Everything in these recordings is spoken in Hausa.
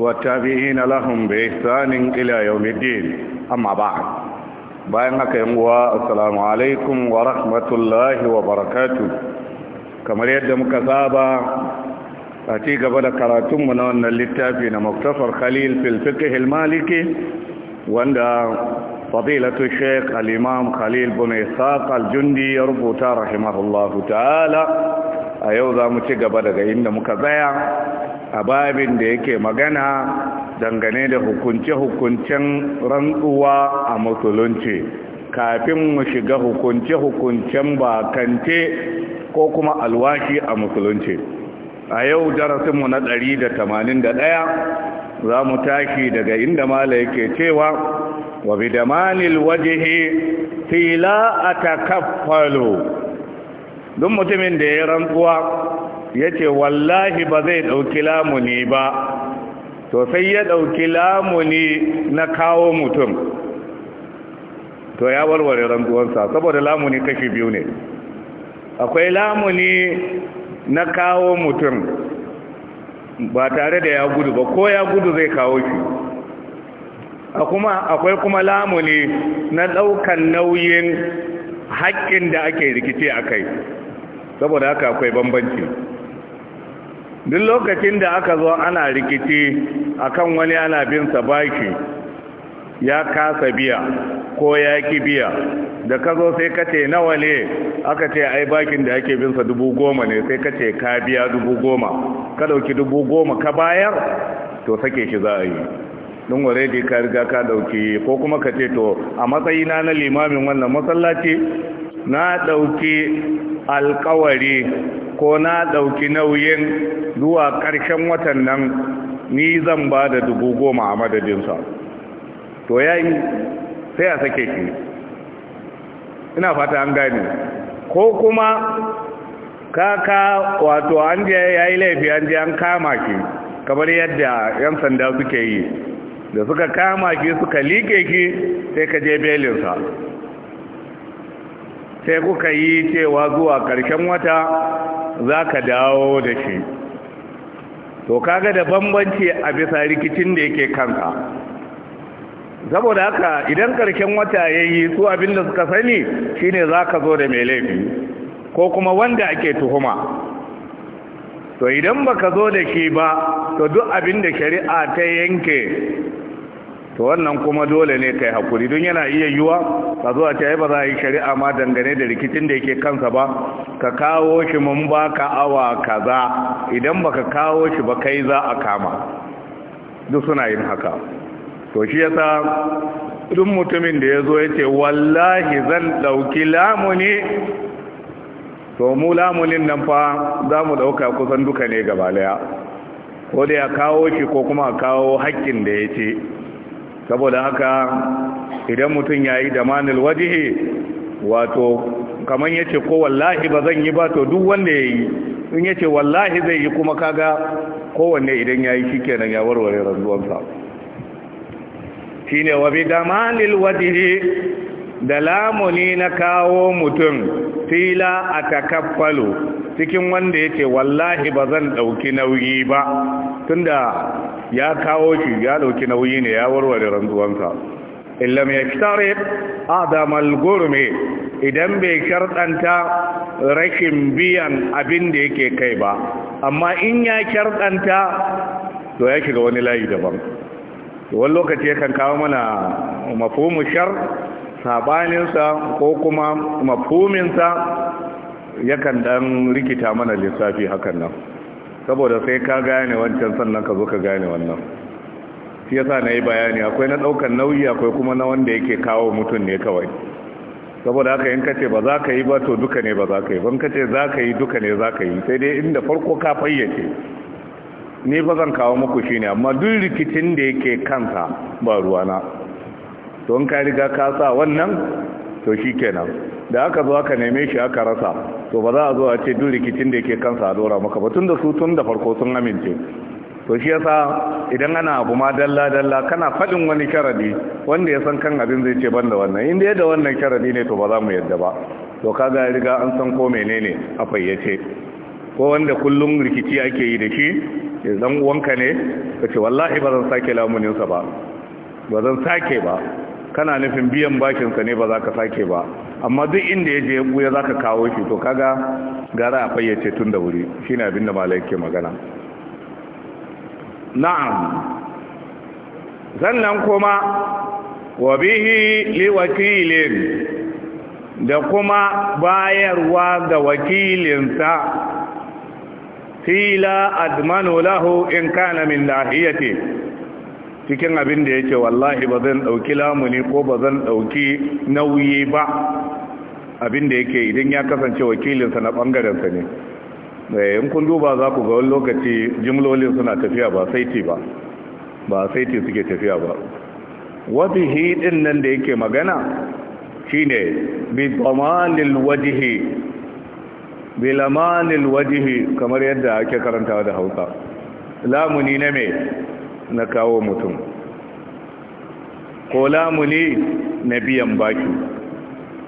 والتابعين لهم بإحسان إلى يوم الدين أما بعد bayan haka yin uwa assalamu alaikum wa rahmatullahi wa barakatu kamar yadda muka saba a ci gaba da karatunmu na wannan littafi na maktafar khalil fil maliki wanda fadilatu sheikh al-imam khalil bin ishaq al-jundi ya rubuta rahimahullahu ta'ala a yau za mu ci gaba daga inda muka tsaya a babin da yake magana dangane da hukunce-hukuncen rantsuwa a musulunci kafin mu shiga hukunce-hukuncen bakance ko kuma alwashi a musulunci a yau darasinmu na ɗari da da ɗaya za mu tashi daga inda mala yake cewa wa bidamanil wajihi fila atakaffalu Don mutumin da ya rantsuwa ya ce wallahi ba zai ɗauki lamuni ba to sai ya ɗauki lamuni na kawo mutum to ya warware rantsuwansa saboda lamuni kashi biyu ne akwai lamuni na kawo mutum ba tare da ya gudu ba ko ya gudu zai kawo shi akwai kuma lamuni na ɗaukan nauyin haƙƙin da ake rikice a kai saboda haka akwai bambanci duk lokacin da aka zo ana rikici akan wani ana bin sa baki ya kasa biya ko ya ki biya da ka zo sai ka ce nawa ne aka ce ai bakin da ake binsa dubu goma ne sai ka ce ka biya dubu goma ka ɗauki dubu goma ka bayar to sake shi za a yi don ware da ka riga ka ɗauki ko kuma ka ce to a matsayina na limamin wannan masallaci na ɗauki alkawari ko na ɗauki nauyin zuwa ƙarshen watan nan ni zan ba da dubu goma a madadinsa to ya yi sai a sake shi ina fata an gani ko kuma kaka wato an je ya yi laifi an je an kama ki kamar yadda yan sanda suke yi da suka kama ki suka liƙe ki sai ka je belinsa sai kuka yi cewa zuwa ƙarshen wata za ka dawo da shi to kaga da bambanci a bisa rikicin da yake kanka saboda haka idan ƙarshen wata ya yi su abin da suka sani shine za ka zo da mai laifi ko kuma wanda ake tuhuma to idan ba ka zo da shi ba to duk abin da shari'a ta yanke to wannan kuma dole ne kai hakuri don yana iya yiwa ka zuwa ce ba za a yi shari'a ma dangane da rikicin da yake kansa ba ka kawo shi mun ba ka awa kaza idan baka kawo shi ba kai za a kama duk suna yin haka to shi yasa duk mutumin da ya zo ya ce wallahi zan ɗauki lamuni to mu lamunin nan fa za mu ɗauka kusan duka ne gaba daya ko da ya kawo shi ko kuma kawo haƙƙin da ya ce saboda haka idan mutum yayi da manil wajihi wato kaman yace ko wallahi ba zan yi ba to duk wanda yayi in yace wallahi zai yi kuma kaga kowanne idan yayi kenan ya warware ranzuwansa shine wa bi damanil wajihi da lamuni na kawo mutum fila a takaffalu cikin wanda yace wallahi ba zan ɗauki nauyi ba tunda ya kawo shi ya dauki nauyi ne ya warware rantsuwansa illam yaktarib adam al-gurmi idan bai sharɗanta rashin biyan abin da yake kai ba amma in ya kyarɗanta to ya shiga wani layi daban wani lokaci yakan kawo mana mafumin shar sabaninsa ko kuma ya yakan dan rikita mana lissafi hakan nan saboda sai ka gane wancan sannan ka zo ka gane wannan shi yasa na yi bayani akwai na ɗaukar nauyi akwai kuma na wanda yake kawo mutum ne kawai saboda haka in kace ba za ka yi ba to duka ne ba za ka yi ban kace za ka yi duka ne za ka yi sai dai inda farko ka fayyace ni ba zan kawo muku ne, amma duk rikicin da yake kansa ba ruwana to in ka riga ka sa wannan to shikenan da aka zo aka neme shi aka rasa to ba za a zo a ce duk rikicin da yake kansa a dora maka ba tun da su tun da farko sun amince to shi yasa idan ana abu ma dalla dalla kana fadin wani karadi wanda ya san kan abin zai ce banda wannan inda yadda wannan karadi ne to ba za mu yadda ba to kaga riga an san ko menene a fayyace ko wanda kullum rikici ake yi da shi ya zan uwanka ne ka ce wallahi ba zan sake lamuninsa ba ba zan sake ba kana nufin biyan bakinsa ne ba za ka sake ba amma duk inda ya je ya buya za ka kawo shi to kaga gara a fayyace tun da wuri shi ne abinda malayi ke magana na'am sannan kuma wa bihi li wakilin da kuma bayarwa ga wakilinsa fila admanu lahu in kana min lahiyati cikin abin da yake wallahi ba zan dauki lamuni ko ba zan dauki nauyi ba abin da yake idan ya kasance wakilinsa na ɓangarensa ne eh, in kun duba za ku ga wani lokaci jimlolin suna tafiya ba saiti ba ba saiti suke tafiya ba wabi hidin nan da yake magana shine bi tsamanin wajihi bi lamanin wajihi kamar yadda ake karantawa da Hausa lamuni na me na kawo mutum ko lamuni na biyan baki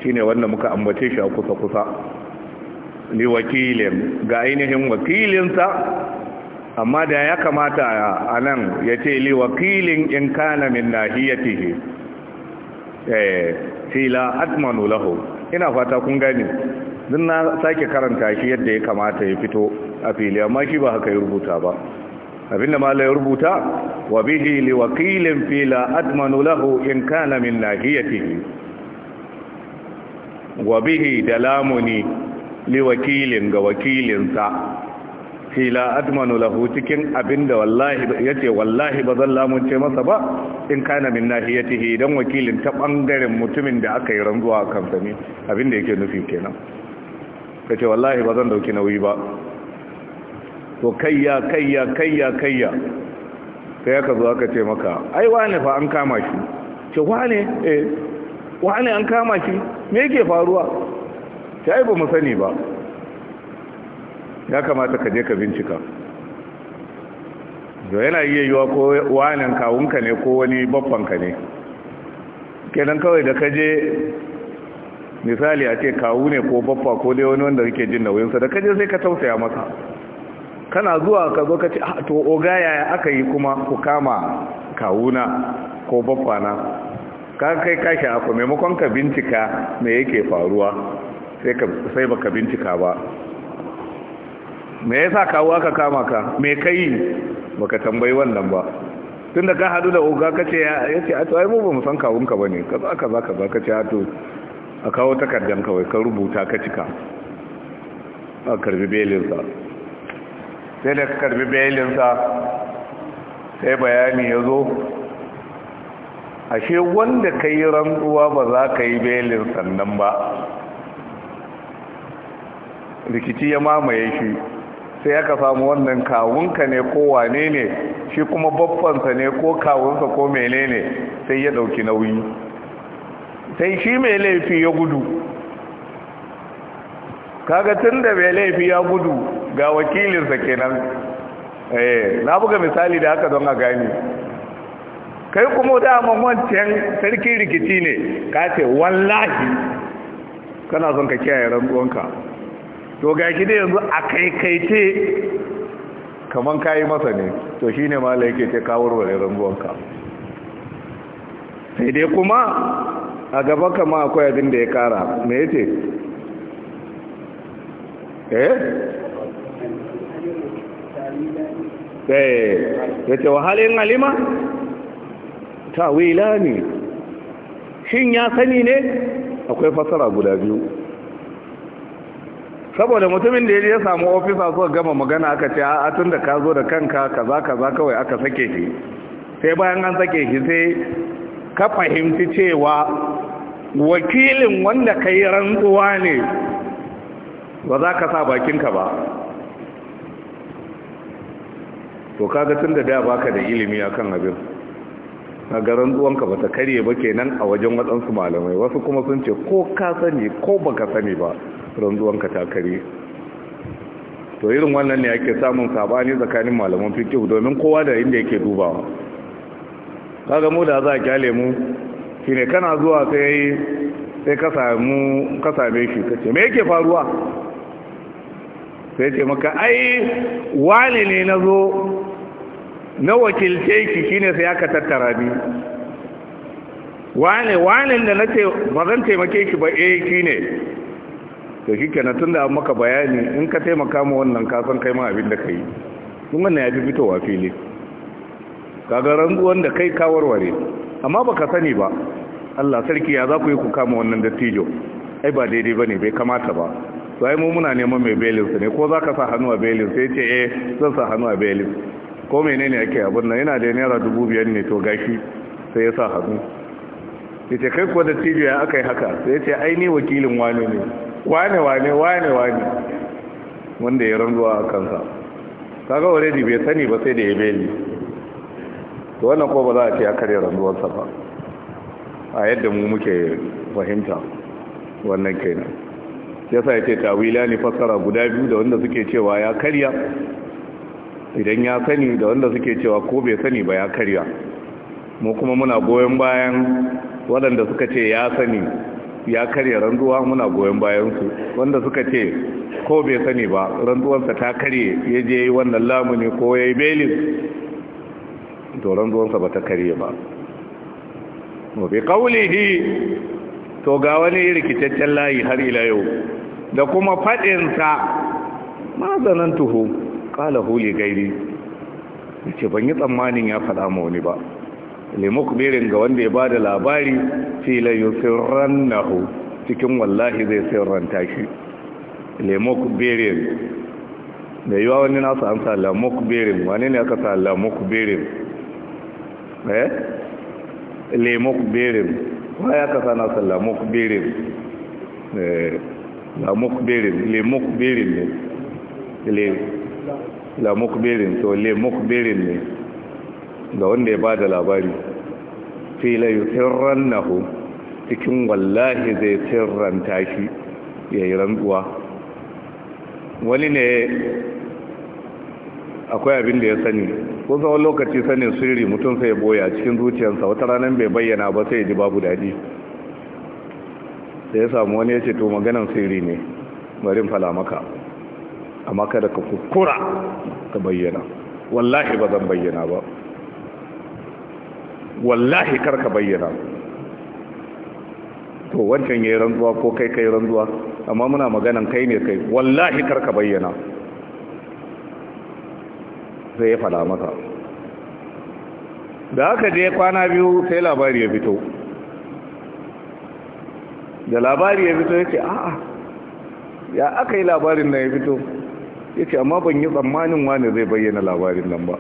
shine wanda muka ambace shi a kusa-kusa li wakilin ga ainihin wakilinsa amma da ya kamata a nan ya ce li wakilin in kana min nahiyatihi eh fila atmanu lahu ina fata kun gani din na sake karanta shi yadda ya kamata ya fito a fili amma shi ba haka ya rubuta ba abinda mala ya rubuta wa bihi li wakilin fila atmanu lahu in kana min nahiyatihi wa bihi da lamuni li wakilin ga wakilinsa fila admanu lahu cikin abinda wallahi yace wallahi zan lamunce masa ba in kana min nahiyatihi dan wakilin ta bangaren mutumin da aka yi ranzuwa a kansa ne abinda yake nufi kenan kace wallahi zan dauki nauyi ba to kayya kayya kayya kayya sai aka zo aka ce maka ai wane fa an kama shi ce wane eh wani an kama shi me yake faruwa ta yi ba mu sani ba ya kamata ka je ka bincika da yana iya yiwa ko wanan kawunka ne ko wani babbanka ne kenan kawai da ka je misali a ce kawu ne ko babba ko dai wani wanda rike jin nauyinsa da ka je sai ka tausaya masa kana zuwa ka zo ka ce ah, to oga yaya aka yi kuma ku kama kawuna ko na? ka kai ka shafa maimakon ka bincika me yake faruwa sai baka bincika ba me yasa kawo aka kama ka me kai baka tambayi wannan ba tunda ka hadu da oga kace yace a to ai mu ba mu san kawun ka bane kaza kaza kaza kace a to a kawo takardan kawai ka rubuta ka cika a karbi belin sa sai da karbi belin sa sai bayani yazo ashe wanda ka yi rantsuwa ba za ka yi belin sannan ba rikici ya mamaye shi sai aka samu wannan kawunka ne ko wane ne shi kuma babbansa ne ko kawunsa ko mele ne sai ya ɗauki nauyi sai shi mai laifi ya gudu kaga tun da mai laifi ya gudu ga wakilinsa kenan eh na buga misali da haka don a gani kai kuma daman wancan sarki rikici ne ka ce wallahi kana son ka kiyaye rantsuwanka to ga shi yanzu a kaikaice kaman ka yi masa ne to shi ne mala yake ce kawar wane rantsuwanka sai dai kuma a gaba kama akwai abin da ya kara me yace eh eh ce wahalin halima tawila ne shin ya sani ne akwai fasara guda biyu saboda mutumin da ya samu ofisa suka gama magana aka ce a tun da ka zo da kanka kaza kaza kawai aka sake shi sai bayan an sake shi sai ka fahimci cewa wakilin wanda ka yi rantsuwa ne ba za ka sa bakinka ba to kaga tun da da baka da ilimi akan abin a garin tsuwanka ba ta karye ba kenan a wajen waɗansu malamai wasu kuma sun ce ko ka sani ko ba ka sani ba rantsuwanka ta karye to irin wannan ne ake samun sabani tsakanin malaman fiki domin kowa da inda yake dubawa kaga mu da za a kyale mu ne kana zuwa sai sai ka same shi ce me yake faruwa sai ce maka ai wani ne na zo. na wakilce ki shine sai aka tattara ni wane wane da na ce ba zan taimake ki ba eh ki to kike na tunda an maka bayani in ka taimaka ma wannan ka san kai ma abin da kai kun ga ya fi fitowa fili kaga rantsuwan da kai ka warware amma baka sani ba Allah sarki ya za ku yi ku kama wannan dattijo ai ba daidai bane bai kamata ba to ai mu muna neman mai belin ne ko zaka sa hannu a belin sai ce eh zan sa hannu a belin ko menene yake abin nan yana da naira dubu biyar ne to gashi sai ya sa hannu ya ce kai kuwa da cibiya aka yi haka sai ya ce aini wakilin wane ne wane wane wane wane wanda ya ranzuwa a kansa kaga already bai sani ba sai da ya beli to wannan ko ba za a ce ya karya ranzuwarsa ba a yadda mu muke fahimta wannan kenan yasa ya ce tawila ne fassara guda biyu da wanda suke cewa ya karya idan ya sani da wanda suke cewa ko bai sani ba ya karya mu kuma muna goyon bayan waɗanda suka ce ya sani ya karya ranzuwa muna goyon bayansu wanda suka ce ko bai sani ba ranzuwansa ta karye ya je yi wannan lamuni ko ya yi belis to ranzuwansa ba ta karye ba bi kaulihi to ga wani rikitaccen layi har ila yau da kuma faɗinsa mazanin tuhu kala huli gairi ce ban yi tsammanin ya faɗa ma wani ba berin ga wanda ya ba da labari yi tsirran na hu cikin wallahi zai tsirran tashi shi berin da yi wa wani nasu an sa berin wani ne aka sa lamukbirin eh berin wa ya kasa nasa lamukbirin eh lamukbirin berin ne la mukbirin to le mukbirin ne ga wanda ya ba da labari fi la nahu cikin wallahi zai tashi ya yi rantsuwa wani ne akwai abin da ya sani ko zama lokaci sanin sirri mutum sai boya cikin zuciyarsa wata ranar bai bayyana ba sai ji babu daɗi da ya samu wani ya ce to maganan sirri ne bari fala maka amma kada ka kukura ka bayyana wallahi ba zan bayyana ba wallahi kar ka bayyana to wancan yayi ranzuwa ko kai kai ranzuwa, amma muna maganan kai ne kai wallahi kar ka bayyana sai ya fada maka da aka je kwana biyu sai labari ya fito da labari ya fito ya ce a'a ya aka yi labarin na ya fito ya ce amma ban yi tsammanin wani zai bayyana labarin nan ba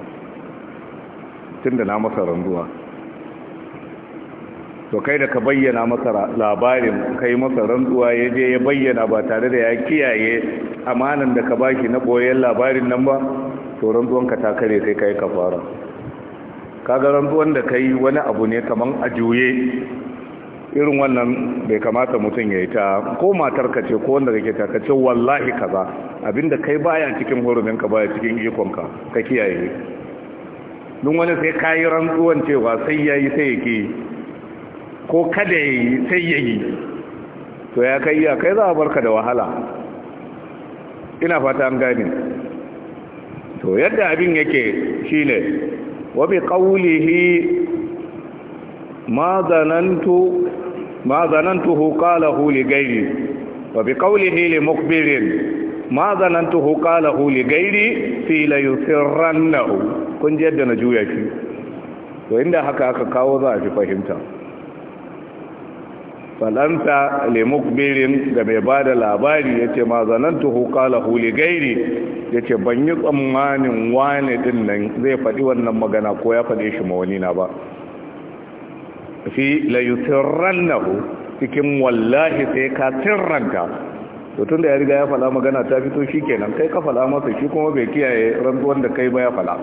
tun da na masa randuwa to kai da ka bayyana masa labarin kai masa rantsuwa ya je ya bayyana ba tare da ya kiyaye amanan da ka bashi na boyen labarin nan ba to rantsuwanka ta kare sai kai kafara ga rantsuwan da kai wani abu ne kamar a juye irin wannan bai kamata mutum ya yi ta ko matar ka ce ko wanda kake ta kace wallahi kaza abinda kai baya cikin hurumin ka baya cikin ikon ka ka kiyaye duk wani sai kayi rantsuwan cewa sai yayi sai yake ko kada yayi sai yayi to ya kai ya kai za a barka da wahala ina fata an gane to yadda abin yake shine wa bi qawlihi ma zanantu ma zanantuhu qalahu li ghairi wa bi qawlihi li mukhbirin kun ji yadda na juya shi, to inda haka aka kawo za fi fahimta falanta li mukbirin da mai ba da labari yace ce mazanantuhu qalahu li gairi ya ban yi tsammanin wane din nan zai faɗi wannan magana ko ya faɗe shi ma wani na ba fi layusirrannahu cikin wallahi sai ka sirranta to tunda ya riga ya fada magana ta fito shikenan kai ka fada masa shi kuma bai kiyaye ranzuwan da kai ba ya fada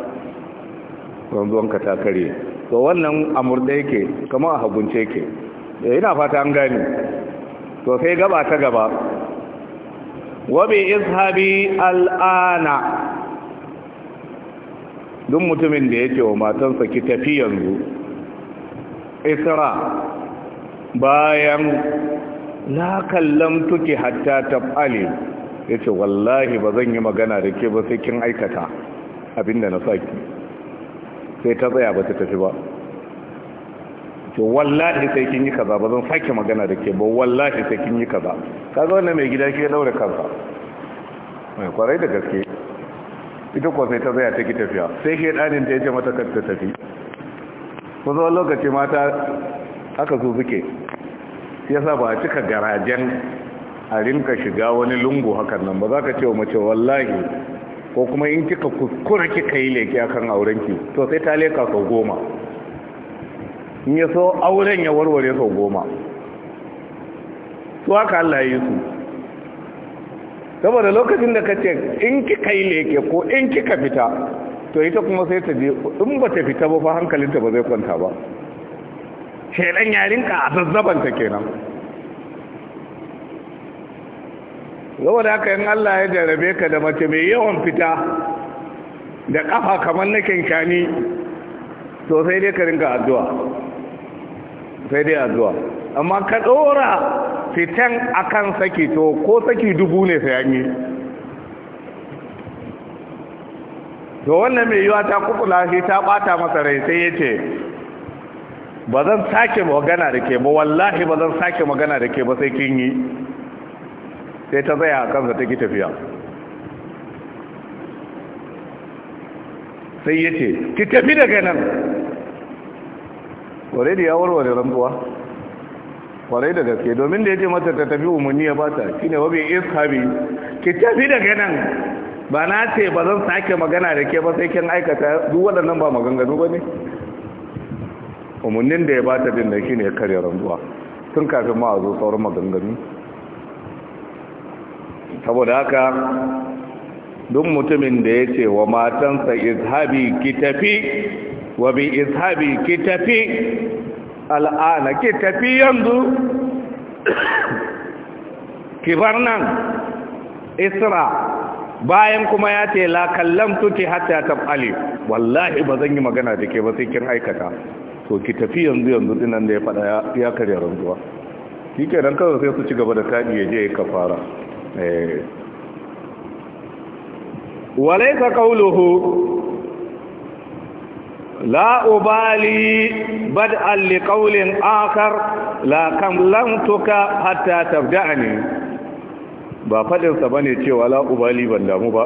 rantsuwan ka ta kare to wannan amurda yake kama a hagunce yake eh, ina fata an gani to sai gaba ta gaba wabi izhabi al'ana duk mutumin da yake wa matansa ki tafi yanzu isra bayan la kallamtuki hatta ya yace wallahi ba zan yi magana da ke ba sai kin aikata abinda na saki sai ta tsaya ba ta tafi ba to wallahi sai kin yi kaza ba zan sake magana da ke ba wallahi sai kin yi kaza kaga wannan mai gida shi ya daura kansa mai kwarai da gaske ita ko sai ta tsaya take tafiya sai shedanin da ce mata kar ta tafi wasu wani lokaci mata aka zuzuke, suke yasa ba a cika garajen a rinka shiga wani lungu hakan nan ba za ka ce wa mace wallahi ko kuma in kika kuskura kika yi leke akan aurenki to sai ta leka sau goma in ya so auren ya warware sau goma su haka Allah yi su saboda lokacin da ka ce in kika yi leke ko in kika fita to ita kuma sai ta je in ba ta fita ba fa hankalinta ba zai kwanta ba shaidan yarinka a zazzabanta kenan zama da haka yin Allah ya jarabe ka da mace mai yawan fita da kafa kamar na kyankyani to sai dai ka rinka addu'a sai dai addu'a amma ka ɗora fitan akan saki to ko saki dubu ne sai an yi to wannan mai yiwa ta kukula shi ta bata masa rai sai ya ce ba zan sake magana da ke ba wallahi ba zan sake magana da ke ba sai kin yi sai ta tsaya a kansa ta ki tafiya sai ya ce ki tafi daga nan kwarai da ya warware rantsuwa kwarai da gaske domin da ya ce mata ta tafi umarni ya bata ne wabi ishabi ki tafi daga nan ba na ce ba zan sake magana da ke ba sai kin aikata duk waɗannan ba maganganu ba ne umarnin da ya bata din da shi ne karya ranzuwa tun kafin ma a zo sauran maganganu saboda haka duk mutumin da ya ce wa matansa izhabi ki tafi wa bi izhabi ki tafi al'ana ki tafi yanzu bar nan isra bayan kuma ya ce la kallam hatta hatta tafali wallahi ba zan yi magana da ke ba sai kin aikata to ki tafi yanzu yanzu dinan da ya fada ya karya rantsuwa Ki ke nan kawai sai su ci gaba da kadi ya je ya kafara eh. walaisa ubali لا أبالي akhar la kam lam tuka hatta تبدعني ba faɗinsa ba ne cewa la'ubali ban damu ba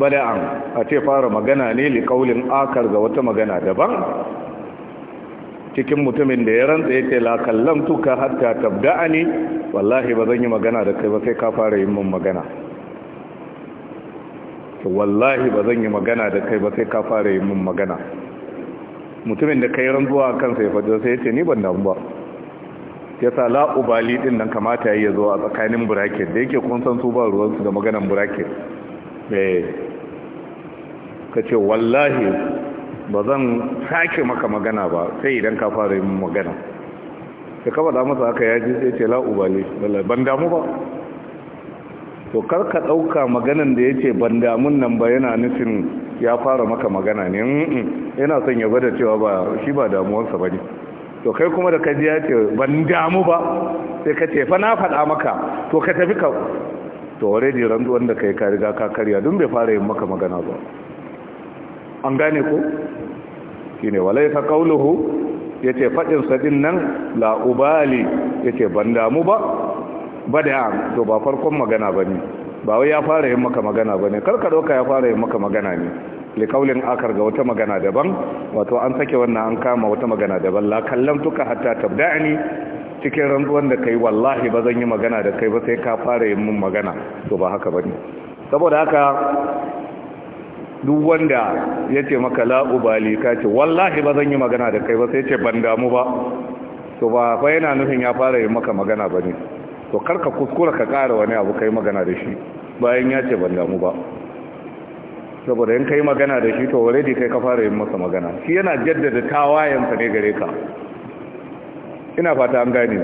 an a ce fara magana ne liƙaulin akar ga wata magana daban cikin mutumin da ya rantsa ya ce lakallam tuka hatta tabda'a ne wallahi ba zan yi magana da kai ba sai ka fara yin mun magana wallahi ba zan yi magana da kai ba sai ka fara yin mun magana mutumin da kai rantsuwa kansa ya faɗi sai ya ce ni ban damu ba yasa sa la'ubali din nan kamata ya yayi zo a tsakanin bracket da yake kun san su ba ruwan su da maganan bracket eh ce wallahi ba zan sake maka magana ba sai idan ka fara yin magana ka kaba da masa haka yaji sai ce laubali lallai ban damu ba to kar ka dauka maganan da ya ce ban damun nan ba yana nufin ya fara maka magana ne yana son ya gwada cewa ba shi ba damuwarsa ne. to kai kuma da kaji ya ce ban damu ba sai ka ce fa na faɗa maka to ka tafi ka to already randuwan da kai ka riga ka karya don bai fara yin maka magana ba an gane ku? ne walai ta qauluhu yace fadin faɗin nan laubali ya ce ban damu ba Ba bada to ba farkon magana ne ba wai ya fara yin maka magana bane karka doka ya fara yin maka magana ne likaulin akar ga wata magana daban wato an sake wannan an kama wata magana daban la kallam tuka hatta tabda'ani cikin rantsuwan da kai wallahi ba zan yi magana da kai ba sai ka fara yin mun magana to ba haka bane saboda haka duk wanda ya ce maka ubali ka ce wallahi ba zan yi magana da kai ba sai ce ban damu ba to ba fa yana nufin ya fara yin maka magana ba ne to karka kuskura ka kara wani abu kai magana da shi bayan ya ce ban damu ba saboda ka kai magana da shi to da kai ka fara yin masa magana shi yana jaddada tawayensa ne gare ka ina fata an gane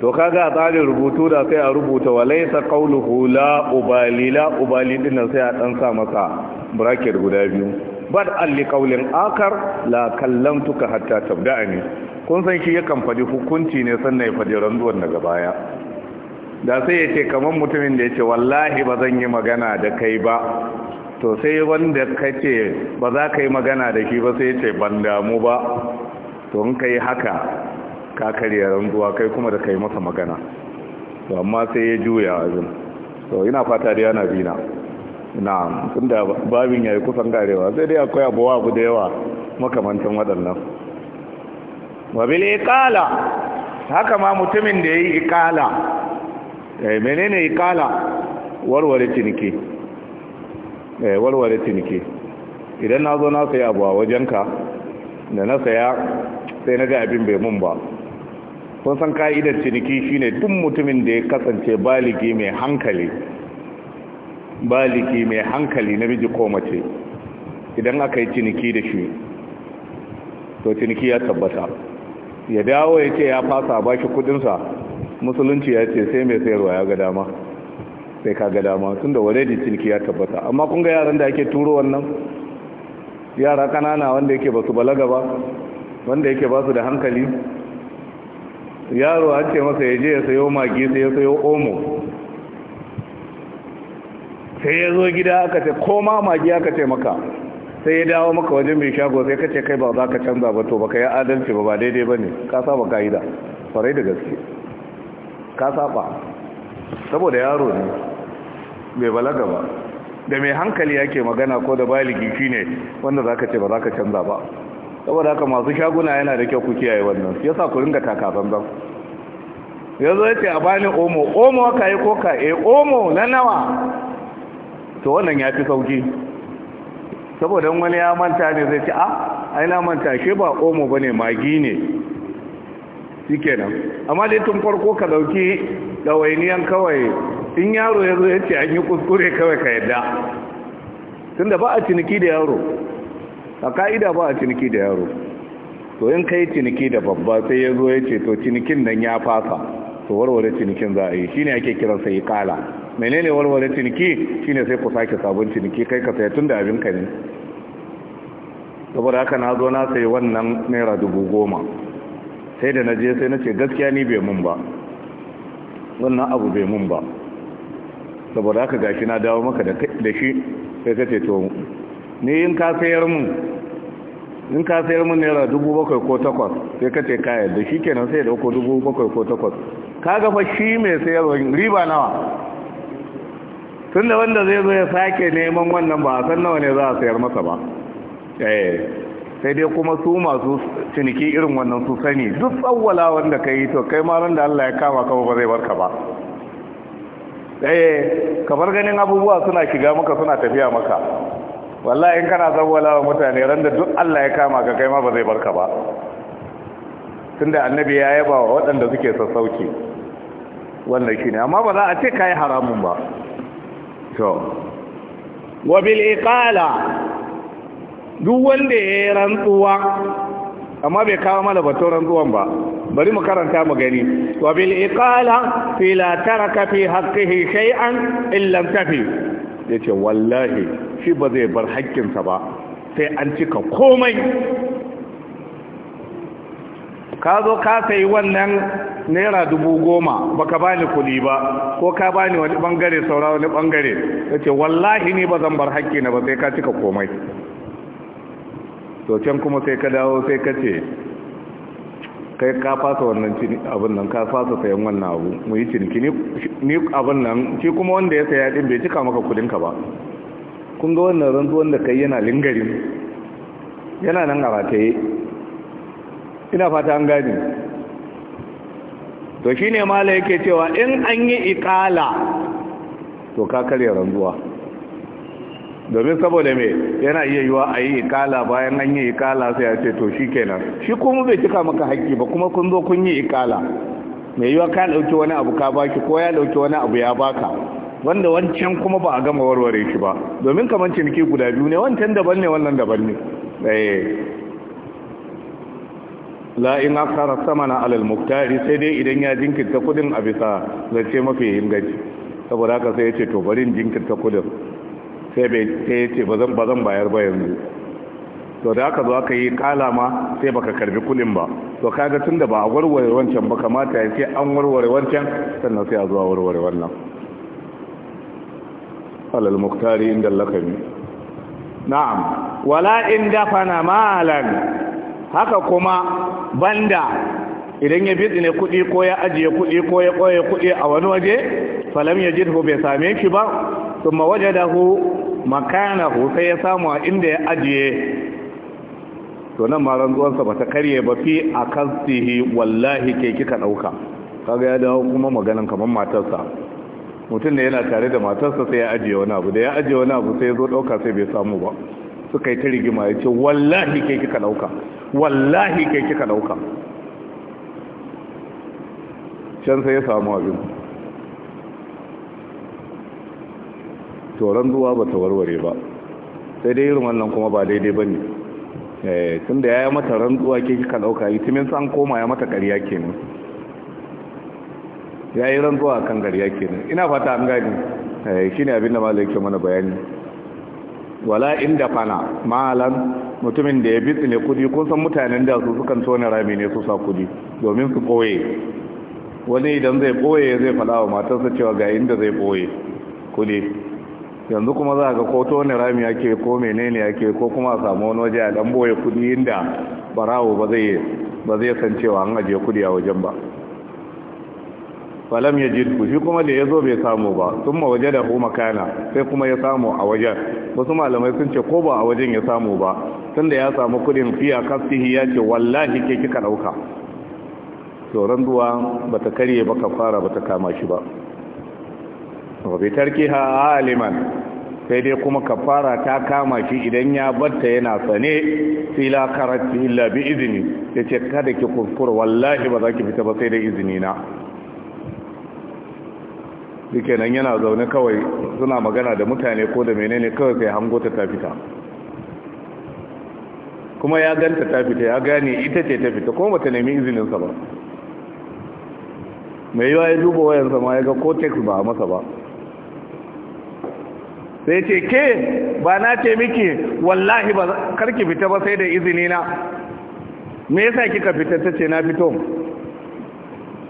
to kaga a tsarin rubutu da sai a rubuta walaisa qauluhu la ubali la ubali din sai a dan sa masa bracket guda biyu bad alli kaulin akar la kallamtuka hatta tabda'ani kun san shi yakan fadi hukunci ne sannan ya fadi ranzuwar daga baya da sai ya ce kamar mutumin da ya ce wallahi ba zan yi magana da kai ba to sai wanda ka ce ba za ka yi magana da shi ba sai ya ce ban damu ba to in ka yi haka ka karya rantsuwa kai kuma da ka yi masa magana to amma sai ya juya azin to ina fata da yana bina na tun da babin ya yi kusan garewa sai dai akwai abuwa abu da yawa makamantan waɗannan wabili ikala haka ma mutumin da ya yi ikala Eh, menene ikala warware ciniki eh, warware ciniki idan na zo na saya abu a wajenka da na saya sai na ga abin bai mun ba kun san ka'idar ciniki shine duk mutumin da ya kasance baligi mai hankali baligi mai hankali namiji ko mace idan aka yi ciniki da shi to ciniki ya tabbata ya dawo ya ce ya fasa ba shi kudinsa musulunci ya ce sai mai sayarwa ya ga dama sai ka ga dama tun da wadai ciniki ya tabbata amma kun ga yaran da ake turo wannan yara kanana wanda yake ba su balaga ba wanda yake ba su da hankali yaro an ce masa ya je ya sayo magi sai ya sayo omo sai ya zo gida aka ce ko ma magi aka ce maka sai ya dawo maka wajen mai shago sai ka ce kai ba za ka canza ba to baka yi adalci ba ba daidai ba ne ka saba ka'ida farai da gaske ka saba saboda yaro ne bai balaga ba da mai hankali yake magana ko da baligi shi ne wanda za ka ce ba za ka canza ba saboda haka masu shaguna yana da kyau ku kiyaye wannan ya sa ku ringa takasan zan ya zo ya ce a bani omo omo ka yi ko ka e omo na nawa to wannan ya fi sauki saboda wani ya manta ne zai ce a ah, ai na manta shi ba omo bane ne magi ne shi kenan amma dai tun farko ka dauki ɗawainiyan kawai in yaro ya zo ya ce an yi kuskure kawai ka yadda tun da ba a ciniki da yaro a ka'ida ba a ciniki da yaro to in ka yi ciniki da babba sai ya zo ya ce to cinikin nan ya fasa to warware cinikin za a yi shine ake kiran sai kala menene warware ciniki shine sai ku sake sabon ciniki kai ka saya tun da abin ka ne saboda haka na zo na sayi wannan naira dubu goma sai da na je sai na ce gaskiya ni bai mun ba wannan abu bai mun ba saboda haka gashi na dawo maka da shi sai ka ce to ni in ka sayar mu in ka sayar mu naira dubu bakwai ko takwas sai ka ce ka Da shi kenan sai da uku dubu bakwai ko takwas ka gafa shi mai sayarwa riba nawa tun da wanda zai zo ya sake neman wannan ba a san nawa ne za a sayar masa ba eh sai dai kuma su masu ciniki irin wannan su sani duk tsawwala wanda ka yi to kai maran da Allah ya kama kama ba zai barka ba eh kamar ganin abubuwa suna shiga maka suna tafiya maka wallahi in kana tsawwala wa mutane randa da duk Allah ya kama ka kai ma ba zai barka ba tunda annabi ya yaba wa waɗanda suke sassauki wannan shi ne amma ba za a ce kai haramun ba to wa bil iqala duk wanda ya yi rantsuwa amma bai kawo mana batun rantsuwan ba bari mu karanta mu gani wa bil iqala fi la taraka fi haqqihi shay'an illa tafi yace wallahi shi ba zai bar sa ba sai an cika komai ka zo ka sayi wannan naira dubu goma baka bani kuɗi ba ko ka bani wani bangare saura wani bangare yace wallahi ni ba zan bar na ba sai ka cika komai to can kuma sai ka dawo sai ka ce kai ka fasa wannan abin nan ka fasa sayan wannan abu mu yi ciniki ni abin nan shi kuma wanda ya saya din bai cika maka kudin ka ba kun ga wannan rantsu da kai yana lingarin yana nan a rataye ina fata an gani to shine mala yake cewa in an yi ikala to ka karya rantsuwa domin saboda mai yana iya yiwa a yi ikala bayan an yi ikala sai a ce to shi kenan shi kuma bai cika maka haƙƙi ba kuma kun zo kun yi ikala mai yiwa ka ɗauki wani abu ka baki ko ya ɗauki wani abu ya baka wanda wancan kuma ba a gama warware shi ba domin kamar ciniki guda biyu ne wancan daban ne wannan daban ne eh. la in akara samana alal muktari sai dai idan ya jinkirta kudin a bisa ce mafi inganci saboda haka sai ya ce to bari jinkirta kudin sai bai yi ce ba zan ba bayar ba yanzu to da aka zo aka yi kalama sai baka karbi kulin ba to kaga tunda ba a warware wancan ba kamata ya ce an warware wancan sannan sai a zuwa warware wannan alal muktari inda lakami na'am wala in dafana malan haka kuma banda idan ya ne kuɗi ko ya ajiye kuɗi ko ya koye kuɗi a wani waje falam ya bi bai same shi ba ثم وجده hu sai ya samu a inda ya ajiye to nan ma rantsuwarsa ba ta karye ba fi a kansihi wallahi ke kika ɗauka kaga ya dawo kuma maganin kamar matarsa mutum da yana tare da matarsa sai ya ajiye wani abu da ya ajiye wani abu sai ya zo ɗauka sai bai samu ba suka yi ta rigima ya ce wallahi ke kika ɗauka wallahi ke kika ɗauka can sai ya samu abin toron zuwa ba ta warware ba sai dai irin wannan kuma ba daidai ba ne eh, tun da ya yi mata rantsuwa ke kika ɗauka itimin san koma ya mata ƙarya kenan ya yi rantsuwa kan ƙarya kenan ina fata an gani eh, shi ne abin da malar yake mana bayani wala inda fana malan mutumin da ya bi ne kudi kun san mutanen da su sukan tona rami ne su sa kudi domin su ɓoye wani idan zai ɓoye zai faɗa wa matarsa cewa ga inda zai ɓoye kudi yanzu kuma za a ga koto ne rami yake ko menene yake ko kuma samu wani waje a dan boye kudi inda barawo ba zai ba zai san cewa an aje kudi a wajen ba falam yajid ku shi kuma da yazo bai samu ba thumma wajadahu makana sai kuma ya samu a wajen wasu malamai sun ce ko ba a wajen ya samu ba tunda ya samu kudin fiya kafsihi ya ce wallahi ke kika dauka to randuwa bata karye ba fara bata kama shi ba wa bi tarkiha aliman sai dai kuma kafara ta kama shi idan ya batta yana sane fila karatu illa bi izini ya ce kada ki kuskura wallahi ba za ki fita ba sai da izini na duke nan yana zaune kawai suna magana da mutane ko da menene kawai sai hango ta ta fita kuma ya ganta ta fita ya gane ita ce ta fita kuma bata nemi izininsa ba mai yawa ya duba wayansa ma ya ga cortex ba a masa ba sai ce ke ba na ce miki wallahi ba karki fita ba sai da izini na me yasa kika fita ta ce na fito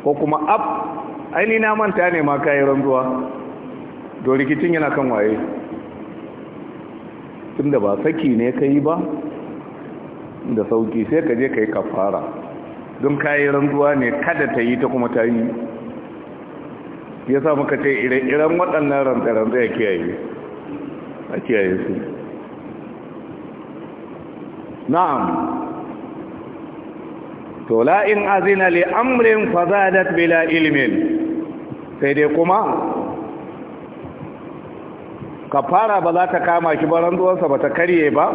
ko kuma ab aini na manta ne ma kayi ranzuwa do rikicin yana kan waye tunda ba saki ne kai ba da sauki sai ka je kai kafara don kayi ranzuwa ne kada ta yi ta kuma ta yi ya sa muka ce irin waɗannan rantsarantsa ya kiyaye a kiyaye su na'am to la in azina li amrin fazadat bila ilmin sai dai kuma kafara ba za ta kama shi baran duwarsa ba ta karye ba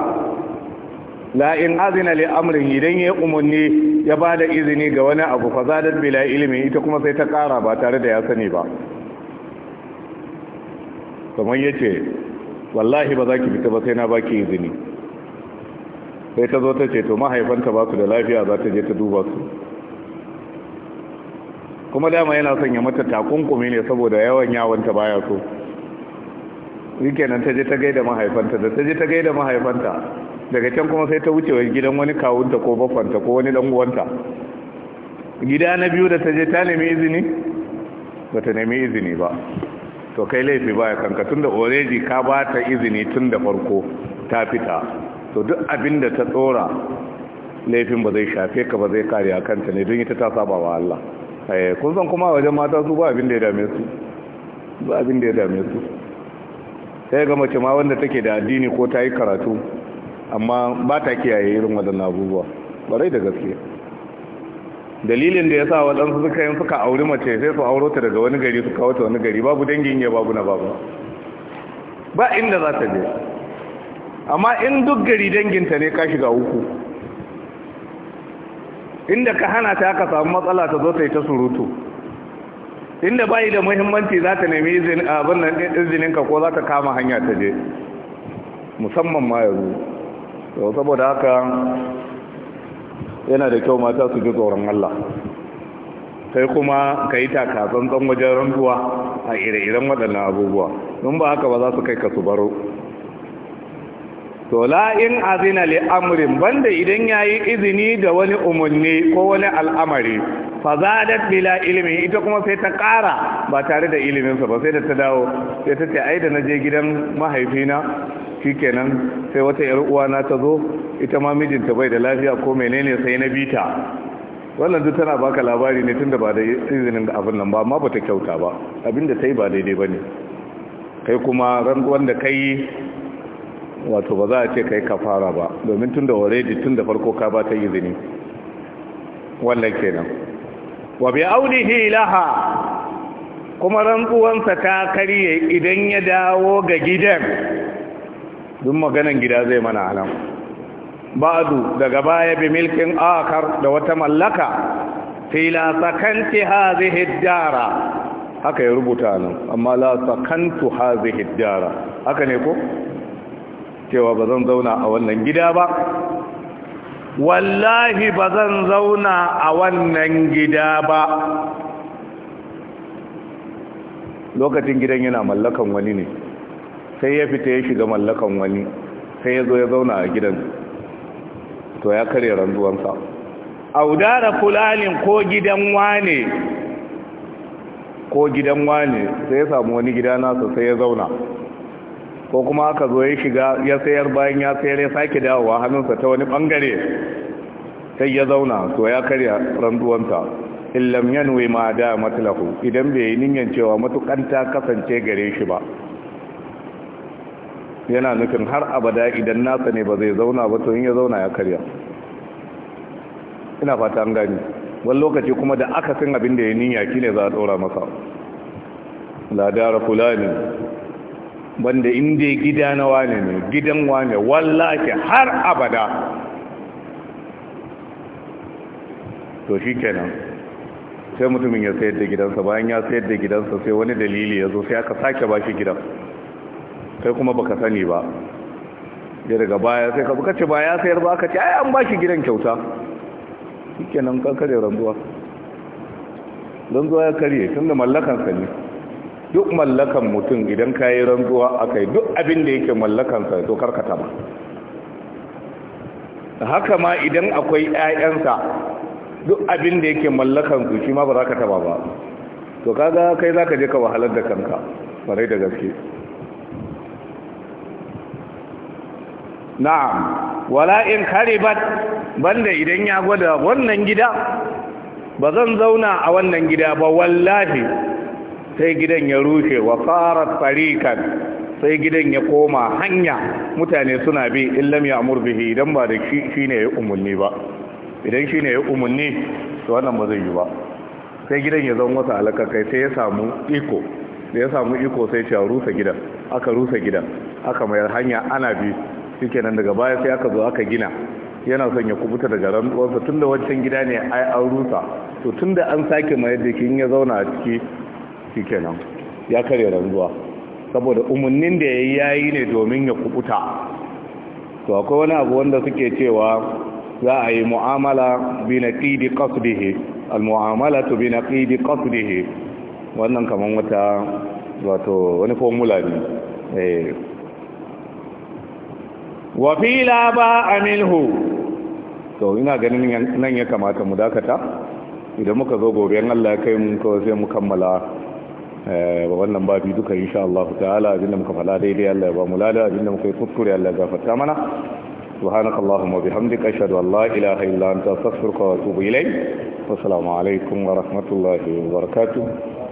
la in azina li amrin idan ya umarni ya ba da izini ga wani abu fazadat bila ilmin ita kuma sai ta kara ba tare da ya sani ba kamar yace wallahi ba za ki fita ba sai na baki izini sai ta zo ta ce to mahaifanta ba su da lafiya za ta je ta duba su kuma dama yana son ya mata takunkumi ne saboda yawan yawanta baya so nan ta je ta gaida mahaifanta da ta je ta gaida mahaifanta daga can kuma sai ta wuce wa gidan wani kawunta ko bakwanta ko wani dan uwanta gida na biyu da ta je ta nemi izini ba ta nemi izini ba to kai laifi ba ya kanka tunda oreji ka ba ta izini tun da farko ta fita to duk abin da ta tsora laifin ba zai shafe ka ba zai kare a kanta ne don ita ta saba wa Allah eh, kun san kuma wajen mata su ba abin da ya dame su ba abin da ya dame su sai ga mace ma wanda take da addini ko ta yi karatu amma ba ta kiyaye irin waɗannan abubuwa rai da gaske dalilin da ya sa waɗansu suka yin suka auri mace sai su auro ta daga wani gari su kawo ta wani gari babu dangin ya babu na babu ba inda za ta je amma in duk gari danginta ne ka shiga uku inda ka hana ta aka samu matsala ta zo ta yi ta surutu inda bayi da muhimmanci za ta nemi abin nan ka ko za ta kama hanya ta je musamman ma yanzu saboda haka yana da kyau mata su ji tsoron Allah sai kuma ka yi takatsantsan wajen rantuwa a ire-iren waɗannan abubuwa in ba haka ba za su kai ka su baro to la'in azina li amrin banda idan yayi izini da wani umarni ko wani al'amari fa zadat bila ilimi ita kuma sai ta ƙara ba tare da iliminsa ba sai da ta dawo sai ta ce ai da na je gidan mahaifina shikenan sai wata yar uwa na ta zo ita ma mijinta bai da lafiya ko menene sai na bita wannan duk tana baka labari ne tunda ba da izinin da abin nan ba amma bata kyauta ba abinda ta yi ba daidai bane kai kuma ran wanda kai wato ba za a ce kai kafara ba domin tunda already tunda farko ka ba ta izini wannan kenan wa bi aulihi laha kuma rantsuwansa ta karye idan ya dawo ga gidan duk maganan gida zai mana alam ba'du daga baya bi milkin akar da wata mallaka fila sakanti hadhihi dara haka ya rubuta nan amma la sakantu hadhihi dara haka ne ko cewa ba zan zauna a wannan gida ba wallahi ba zan zauna a wannan gida ba lokacin gidan yana mallakan wani ne sai ya fita ya shiga mallakan wani sai ya zo ya zauna a gidan to ya kare ranzuwansa audara fulanin ko gidan wane ko gidan wane sai ya samu wani gida nasa sai ya zauna ko kuma aka zo ya shiga ya sayar bayan ya sayar ya sake dawowa hannunsa ta wani bangare sai ya zauna to ya karya ranzuwanta illam yanwe ma da matlahu idan bai yi niyyar cewa matukan ta kasance gare shi ba yana nufin har abada idan nasa ne ba zai zauna ba to in ya zauna ya karya ina fata an gani wani lokaci kuma da aka sin abin da ya niyya ki ne za a tsora masa ladara fulani banda inda gida na wane ne gidan wane har abada to shi kenan sai mutumin ya sayar da gidansa bayan ya sayar da gidansa sai wani dalili ya zo sai aka sake ba shi gidan kai kuma baka sani ba ya daga baya sai ka buka ce ba ya sayar ba ka ce ai an ba shi gidan kyauta shike nan kankare ranzuwa ranzuwa ya karye tun da mallakansa ne duk mallakan mutum idan ka yi ranzuwa a kai duk abin da yake mallakansa to karkata ba haka ma idan akwai 'ya'yansa duk abin da yake mallakansu shi ma ba za ka taba ba to kaga kai za ka je ka wahalar da kanka farai da gaske na'am wala in kharibat banda idan ya gwada wannan gida ba zan zauna a wannan gida ba wallahi sai gidan ya rushe wa farat farikan sai gidan ya koma hanya mutane suna bi illam ya bihi idan ba da shi ne ya umarni ba idan shi ya umarni to wannan ba zai yi ba sai gidan ya zama wata kai. sai ya samu iko da ya samu iko sai ya rusa gidan aka rusa gidan aka mayar hanya ana bi Cikenan daga baya sai aka zo aka gina yana son ya kubuta daga rantsuwarsa tun da wancan gida ne ai an rusa to tun da an sake mayar da kin ya zauna a ciki shikenan ya karya rantsuwa saboda umarnin da ya yayi yayi ne domin ya kubuta to akwai wani abu wanda suke cewa za a yi mu'amala bi ƙidi qasdihi al mu'amala to bi ƙidi qasdihi wannan kaman wata wato wani formula ne eh, wafila ba ba amilhu to ina ganin nan ya kamata mu dakata idan muka zo gobe yan Allah ya kai mu kawai sai mu kammala eh, wannan babi duka insha Allah ta'ala abinda muka fala daidai Allah ya ba mu lada abinda muka yi kuskure Allah ya gafarta mana سبحانك اللهم وبحمدك أشهد أن لا إله إلا أنت أستغفرك وأتوب إليك والسلام wa rahmatullahi wa وبركاته